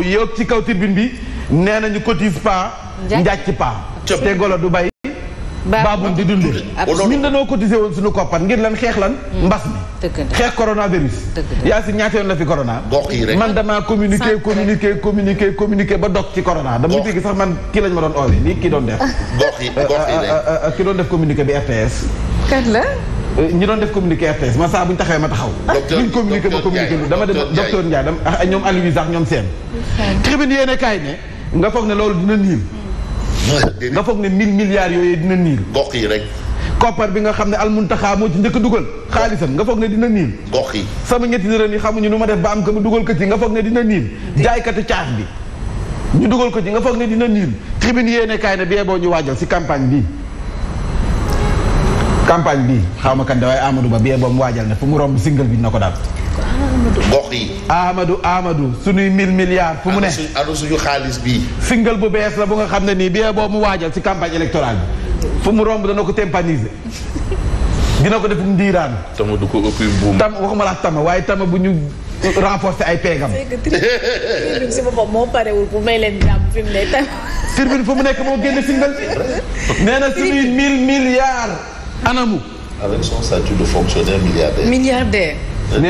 ko ci kaw tribune bi nee nañu cotise pas njàcc pas te golo du bay baabum di dund ñun dañoo cotisé woon suñu koppat ngir lan xeex lan hmm. mbas mi xeex coronavirus yaa si ñaata yoon la fi corona man damaa communiqué communiqué communiqué communiqué ba dog ci corona dama dégg sax man kii lañ ma doon oowee nii kii doon def euh, euh, euh, kii doon def communiqué bi RTS kan la. ñi doon def communiqué RTS man saa bu ñu taxee ma taxaw. docteur ñu communiqué ma communiqué dama dem docteur Ndiaye dama ah, ak ñoom Aliou sax ñoom seen. tribune yéen a kaay ne. nga foog ne loolu dina niil. nga foog ne mille milliards yooyu dina niil. gox yi rek. koppar bi nga xam ne almuntaxaa moo ci njëkk dugal xaalisam nga foog ne dina niil. gox yi sama ñetti dërëm yi xamuñu nu ma def ba am ko mu dugal ko ci nga foog ne dina niil. jaaykatu caaf bi ñu dugal ko ci nga foog ne dina niil tribune yéen a kaay boo ñu waajal si campagne bi campagne bi xaw ma kan da waaye Amadou Ba bee ba mu waajal ne fu mu romb single bi na daal. gox yi. Amadou Amadou suñuy mille fu mu ne anu suñu xaalis bi single bu bees la bu nga xam ne nii bee boo mu waajal ci campagne électorale bi fu mu romb dana ko tympaniser. dina ko mu ndiiraan. tama du ko ëpp buum. tam waxuma la tama waaye tama bu ñu renforcer ay peegam. tribune si boppam moo parewul bu may leen mu ne tam. moo génn single bi. nee na suñuy anamu. avec son statut de fonctionnaire milliardaire. milliardaire. ne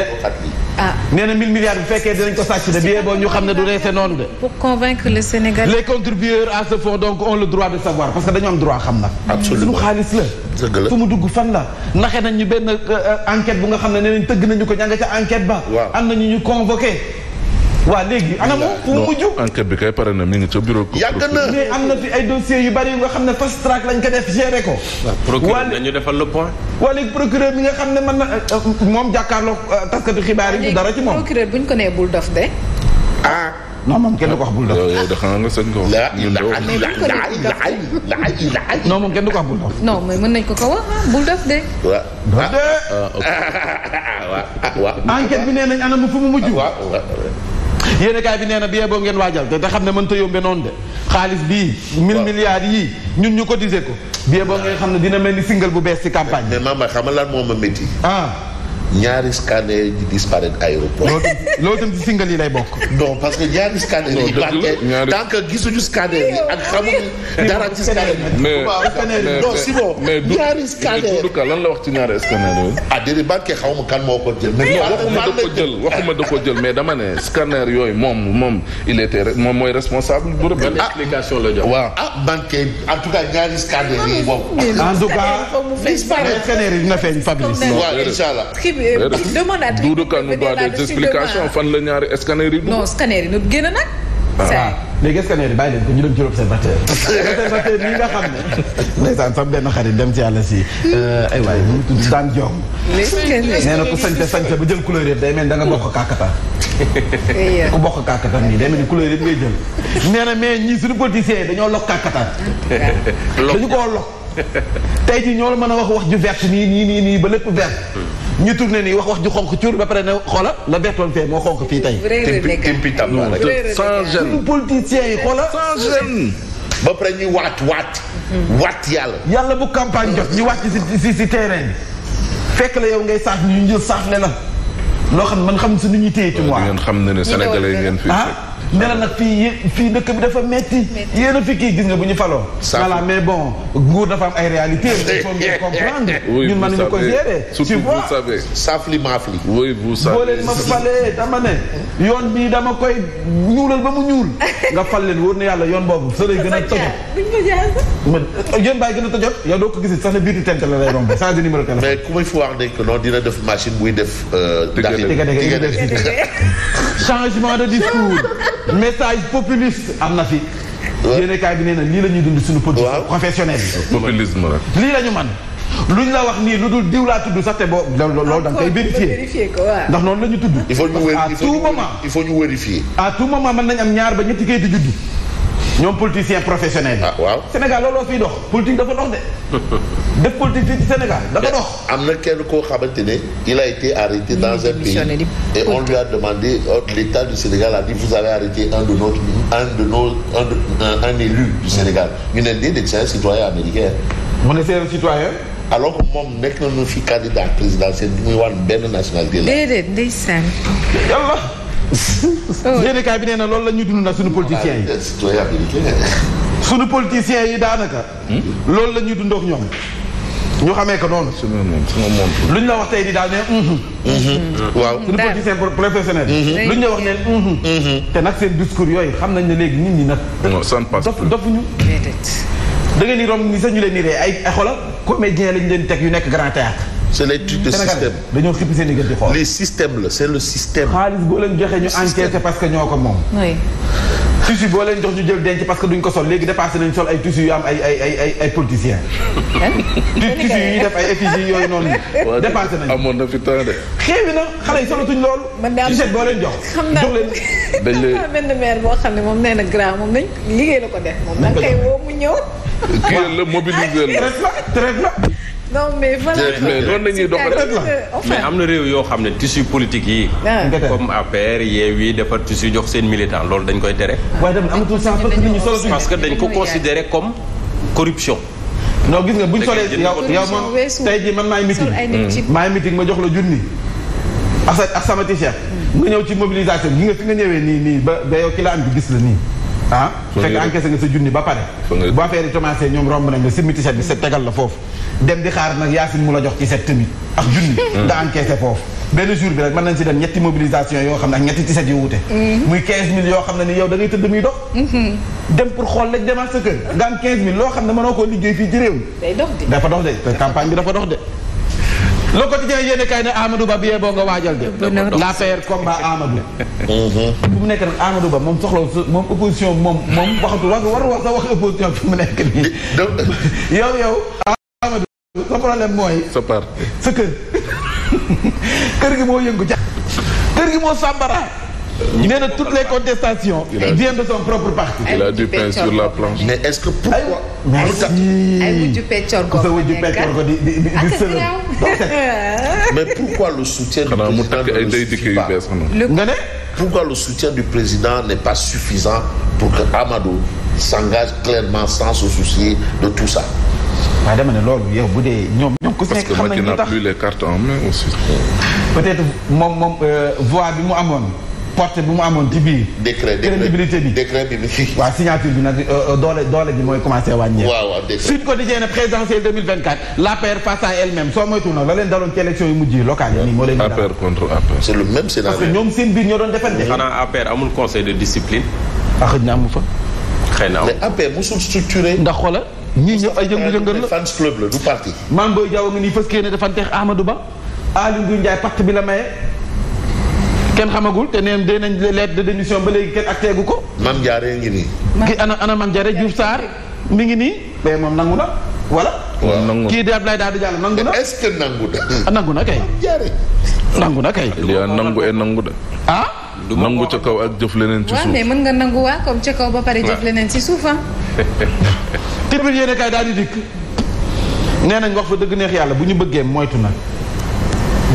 ah nee na 1000 milliards bu fekkee dinañ ko sàcc de bien boo ñu xam ne du reese noonu de. pour convaincre le Sénégal. les contributeurs à ce fonds donc ont le droit de savoir parce que dañu am droit xam nag. absolument suñu xaalis la. dëgg la fu mu dugg fan la naxe nañ ñu benn euh, euh, enquête bu nga xam ne nee nañ tëgg nañu ko ña nga ba. waaw am nañu ñu convoqué. waa léegi ana moom fu mu mujj. enquête bi kay pare na mi ngi ca bureau. yàgg na mais am na fi ay dossiers yu bari yu nga xam ne fast track lañ ko def géré ko. waa procureur nañu defal le point. waa léegi procureur bi nga xam ne man na euh, moom jàkkaarloo euh, taskatu xibaar yi. dara ci moom procureur bu ñu ko nee bul dof de. ah non moom kenn du ko wax bul dof. yow de xanaa nga sëñ ko. la la non moom kenn du ko wax bul dof. non mais mën nañ ko ko wax ah, bul dof de. waaw. enquête bi nee nañ ana mu fu mu mujj. yéen kaay bi nee na bi boo ngeen waajal te xam ne mënta yombe noonu de xaalis bii mille milliards yii ñun ñu cotiser ko biyee boo ngeen xam ne dina mel ni single bu bees ci campagne mais maam xam nga lan moo ma métti ah. ñaari scanner di disparaître aéroport. loolu itam ci singal yi lay bokk. non parce que ñaari scanner yi. ñaari tant que gisuñu scanner yi ak xamuñu dara ci scanner yi. mais mais mais lan la wax ci ñaari scanner yooyu. ah ma kan moo ko jël. mais waxuma da ko jël waxuma da ko jël mais dama ne scanner yooyu moom moom il était moom mooy responsable. bu rëbb ah explication la jox. waaw ah banque en tout cas ñaari scanner yi bokk. en tout cas. disparaître scanner yi dina feeñ Fabrice. waaw incha allah. Euh, demandaat. Doudou Ka nous doit des explications fan la ñaari scanner yi. non scanner yi nag génn nag. waaw léegi scanner bàyyi leen ko ñu dem ci l'observateur. observateur bi nga xam ne. ndeysaan sax benn xarit dem ci yàlla si. Euh, ay waay mu tudd daan jox. nee na ku sañte sañte ba jël couleur yëpp day mel da nga bokk kàkata. Eh, eh. ku bokk kàkkatam nii day mel ni couleur yëpp ngay jël. nee na mais ñii suñu politiciens yi dañoo lokk kàkkatam. dañu koo lokk. tey jii ñoo la mën a wax wax ju vert nii nii nii nii ba lépp verte. Hmm. ñu tourné nii wax wax ju xonq cuur ba pare na xoola la vertoon fee moo xonq fii tey. timpi sans gêne politiciens yi xoola sans gêne ba pare ñuy waat waat. Hmm. waat yàlla. yàlla bu campagne jot ñu si si si terrain fekk la yow ngay saaf ñu jël saaf ne la. loo xam man xam su nu ñuy téye ci mois. ngeen xam ne ne Sénégalais ngeen fi. Ah? ne la nag fii fii dëkk bi dafa metti yéen a fi kii gis nga bu ñu faloo voilà mais bon nguur dafa am ay réalité il faut ngeen comprendre ñun mën nañu ko gérer tu vois saafli maafli leen ma falee dama ne yoon bi dama koy ñuulal ba mu ñuul nga fal leen wóor na yàlla yoon boobu sa lay gën a tojot ma yéen bàyyi gën a tojot yow doo ko gisit sax ne biir di tenk la lay romb changé numéro téléphone mais ku may fu wax nekk noonu dina def machine buy def changement de discours message populiste am na fi. yéen kaay bi nee na lii la ñuy dund suñu politique professionnelle bi. populisme la lii la ñu man luñ la wax nii lu dul diw laa tudd sax te boo. loolu da nga koy vérifier ndax noonu la ñu tudd. il faut ñu à tout à tout moment mën nañ am ñaar ba ñetti kayit di juddu. ñoom politiciens professionnels yi. Ah, waaw Sénégal looloo fiy dox politique dafa dox de. def politique ci Sénégal dafa dox. am na kenn koo xamante ne il a été arrêté dans un pays et on lui a demandé oh, l'État du Sénégal a dit vous avez arrêté un de notre un de nos un de un élu du Sénégal ñu ne déedéet c'est un citoyen américain. mu ne c'est un citoyen. alors que moom nekk nañu fi candidat présidentiel bi muy wàllu benn nationalité la. déedéet ndeysaan. yéenekaay bi nee na loolu la ñuy dund nag suñu politiciens yi. suñu politiciens yi daanaka. Hmm? loolu la ñuy dund ak ñoom. ñu xamee ko noonu. luñ la wax tey di daal ne. waaw suñu politicien professionnel. luñ la wax ne. te nag seen discours yooyu xam nañ ne léegi nit ñi nag. dof dofuñu. da ngeen di romb ni sax ñu leen di ree ay ay xoolal comédien lañ leen teg yu nekk grand théâtre c' est les trucs de système dañoo xippi seen i gën di xool. les systèmes la c' est le système. xaalis boo leen joxe ñu enquêté parce que ñoo ko moom. oui. tissu boo leen jox ñu jël denc parce que duñ ko sol léegi dépassé nañ sol ay tissu yu am ay ay ay ay ay politiciens. tissu yi def ay effigie yooyu noonu. dépassé nañ amoon na fi temps de. xeewi na xale yi solatuñ loolu. man daal tissu boo leen jox. xam naa dañ leen benn maire boo xam ne moom nee na grand moom nañ liggéey la ko def moom. nañ ko def da nga koy woo mu ñëw. kii la mobiliser la. traite la traite la. non mais voilà mais la ñuy doxal am na réew yoo xam ne tissu politique yi. Ah. comme APR yeew yi defar tissu jox seen militant loolu dañ koy tere. waaye tamit amatul sax parce que dañ ko considérer comme corruption. non gis nga buñ solee yow yow moom tey jii man maay meeting maay meeting ma jox la junni. ak sa ak sama t-shirt hmm. nga ñëw ci mobilisation gi nga fi nga ñëwee nii nii ba ba yow la am bi gis la nii. ah fekk encaissé nga sa junni ba pare. bu affaire yi commencé ñoom romb nañ nga simmi t-shirt bi sa tegal la foofu. dem di xaar nag yaasin mu la jox ci set tamit ak junni mm. nga encaissé foofu benn jour bi rek mën nañ si dem ñetti mobilisation yoo xam ne ak ñetti ci set yu wute mm. muy 15000 yoo xam ne ni yow da ngay tëdd muy dox mm-hmm. dem pour xool laj demaat sa kër nga am 15000 loo xam ne mënoo koo liggéey fii ci réew mi day dox de dafa dox de campagne bi dafa dox de le quotidien yéen kay ne Amadou Ba biyee boo nga waajal de la paire combat Amadou mm-hmm. mu nekk nag Amadou Ba moom soxla moom opposition moom moom waxatu war war wax sa wax opposition mu nekk nii yow mooy. sa kër. gi moo yëngu jax kër moo sàmbara. nee na toutes les contestations. viennent de son propre parti. il a du pain sur la planche. mais est-ce que pourquoi. ay wujju peccor ah, le soutien. du président nga ne. pourquoi le président n'est pas suffisant pour que Amadou s'engage clairement sans se soucier de tout ça. waaye dama ne loolu yow bu dee ñoom. ñoom ku si nekk xam nañ lu tax parce que plus les cartes en main aussi. peut-être moom moom euh, voix bi mu amoon. porte bi mu amoon ci biir. décret décret crédibilité bi décret bi. waaw signature bi nag euh, euh, doole doole bi mooy commencé wàññeeku. waaw waaw décret Sud Quotidien présidentielle 2024. l'APR face à elle-même soo moytuwul nag la leen daloon ci élection yu mujj yi locales yi. nii moo leen APR contre APR. c'est le même scénario parce que ñoom seen biir ñoo doon defante. xanaa APR amul conseil de discipline. ah xëy na amu fa. xëy na amul mais APR musul structuré. ndax xoolal. ñii ñëpp ay yëngu-yëngal la fans club la du parti. Mame Boye Diao ngi nii fas yéene dafa teex Amadou Ba Aly Ngouille Ndiaye pacte bi la maye kenn xamagul te neen dee nañ lettre de démission ba léegi kenn acteegu ko. Mame jaaree ngi nii. ki ana ana Mame Diarra Diouf Sarr mi ngi nii. mais moom nangu na voilà. waaw nangu kii di Abdoulaye Daouda Diallo nangu na est-ce que nangu na. Ah, nangu na kay. nangu na kay. nangu e nangu de. ah. nangu ca kaw ak jëf leneen ci suuf. waaw mën nga nangu waa comme kaw ba pare jëf leneen ci suuf tribune yéen kaay daal di dikk nee nañ wax fa dëgg neex yàlla bu ñu bëggee moytu nag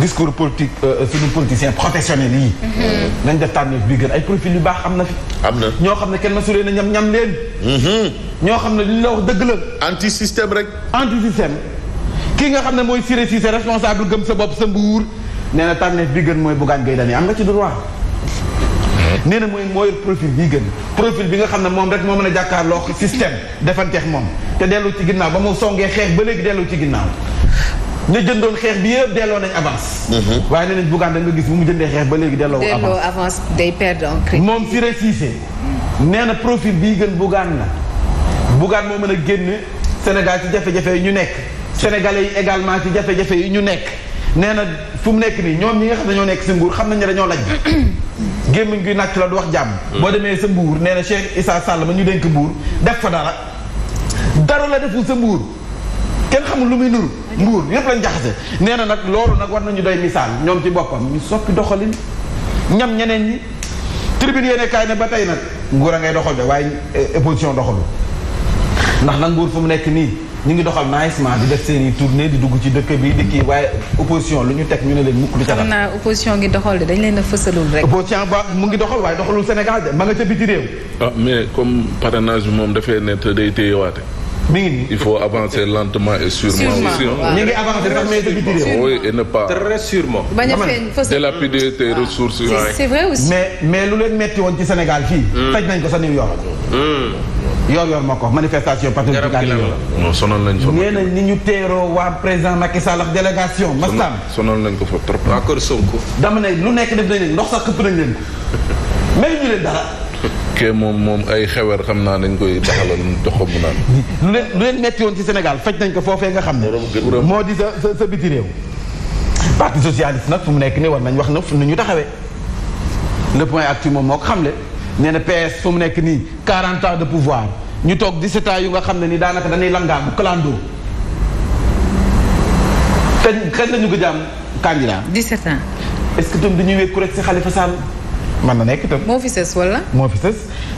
discours politique suñu euh, euh, politicien professionnel yi. Mm-hmm. nañ def tànneef bi gën ay profil yu baax am na fi. am na ñoo xam ne kenn ma mësulee na ñam ñam leen. Mm-hmm. ñoo xam ne li ñu la wax dëgg la. anti système rek. anti système kii nga xam ne mooy Siré Cissé responsable gëm sa bopp sa mbuur nee na tànneef bi gën mooy Bougane Gueye Dany am nga ci droit. nee na mooy mooy profil bii gën profil bi nga xam ne moom rek moo mën a jàkkaarloo système defanteex moom te dellu ci ginnaaw ba mu songee xeex ba léegi dellu ci ginnaaw ñu jëndoon xeex bi yëpp delloo nañ avance. Mhm. waaye nee nañ buggaan da nga gis bu mu jëndee xeex ba léegi delloo avance delloo avance day perdre en crédit. moom si récissé nee na profil bii gën buggaan la buggaan moo mën a génn Sénégal ci jafe-jafe yi ñu nekk sénégalais également ci jafe-jafe yi ñu nekk nee na fu mu nekk nii ñoom ñi nga xam ne ñoo nekk si nguur xam nañ ne dañoo laj gémmiñ guy nàcc la du wax jàmm. boo demee sa mbuur nee na Cheikh Issa Sall ma ñu dénk mbuur def fa dara dara la deful sa mbuur kenn xamul lu muy nuru mbuur yépp lañ jaxase nee na nag loolu nag war nañu doy misaal ñoom ci boppam ñu soppi doxalin ñam ñeneen ñi tribune yéene kaay ne ba tey nag nguur a ngay doxal de waaye eh, opposition doxalu ndax nag nguur fu mu nekk nii ñu ngi doxal naajement di def seeni i tournée di dugg ci dëkk bi di kii waaye opposition lu ñu teg ñu ne leen mukk du ca xam naa opposition ngi doxal de dañ leen a fësalul rek. opposition ba mu ngi doxal waaye doxalul Sénégal de ma nga ca réew. Ah, mais comme parrainage bi moom dafay nekk day téyewaate. mi ngi nii il faut avancer lentement et sûrement. sûrement waaw ñu ngi avancer sax mais depuis tuuti. oui et ne pas. feeñ fës. délapider tes ressources. c'est vrai mais mais lu leen metti woon ci Sénégal fii. Hmm. taj nañ ko sa New York. Hmm. yoor yoor moo ko manifestation patriotique non sonal nañ ni ñu teeroo waa président Macky Sall ak délégation mastam nañ ko fa trop waa kër Sonko dama ne nekk def nañ leen këpp nañ leen ko moom moom ay xewer xam naa dañ koy taxalal doxam naan lu leen lu ci Sénégal faj nañ ko foofee nga xam ne moo di sa sa sa biti réew parti socialiste nag fu mu nekk nii war nañ wax na fu ñu taxawee le point actu moom moo ko le nee na PS fu mu nekk nii 40 ans de pouvoir ñu toog 17 ans yu nga xam ne ni daanaka dañuy langaa bu clando te xëy na ñu ko jàmm candidat. 17 ans. est-ce que itam dañuy wékku rek si Khalifa Sall. mën na nekk itam. moo fi sës wala. moo fi ses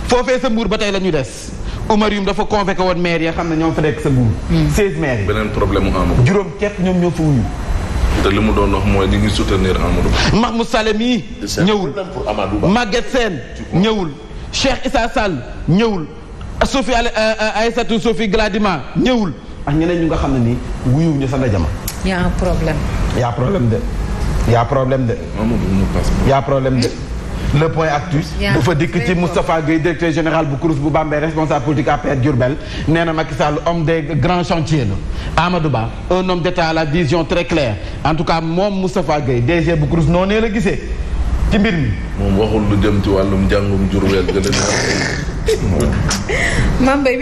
foofee sa mbuur ba tey la ñu des. Oumar Youm dafa convoqué woon maire ya xam ne ñoom fa nekk sa mbuur. 16 hmm. maires yi. beneen problème mu am. juróom képp ñoom ñoo fa wuyu. te li mu doon wax mooy di ngi soutenir Amadou Ba. Mahmoud Saleh mii. ñëwul Maguette Sène ñëwul. Cheikh Issa Sall ñëwul. Sophie Allé euh, euh, Aïssatou Sophie Gladima ñëwul. ak ñeneen ñu nga xam ne ni wuyu ñu sa ndajama. y' a problème. y' a problème de. y' problème de. y' a problème de. le point actus dafa dikk ci Moustapha Gueye directeur général bu CROUS bu Bambey responsable politique APR Diourbel nee na homme des grands chantiers la Amadou Ba un homme d'état la vision très claire en tout cas moom Moustapha Gueye DG bu CROUS noo nee la gisee ci mbir mi moom waxul lu jëm ci wàllum jàngum Diourbel gën Mame Mbaye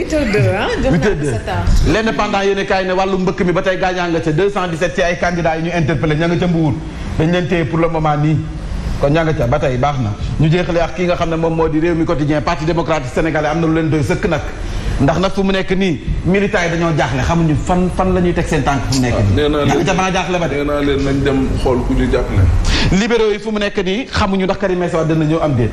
8 a kaay ne wàllu mbëkk mi ba tey gaañaa nga ca 217 ci ay candidats yi ñu interpellé ña ca Mbour le moment nii. kon ña nga ca ba tey baax na ñu jeexale ak kii nga xam ne moom moo di réew mi quotidien parti démocratique sénégalais am na lu leen doy sëkk nag ndax nag fu mu nekk nii militants yi dañoo jaaxle xamuñu fan fan la ñuy teg seen tànk fu mu nekk nii ña ah, ca mën a jaaxle ba de nee leen nañ dem xool ku ñu jàppale libéraux yi fu mu nekk nii xamuñu ndax Karim Meïssa Wade dana ñëw am déet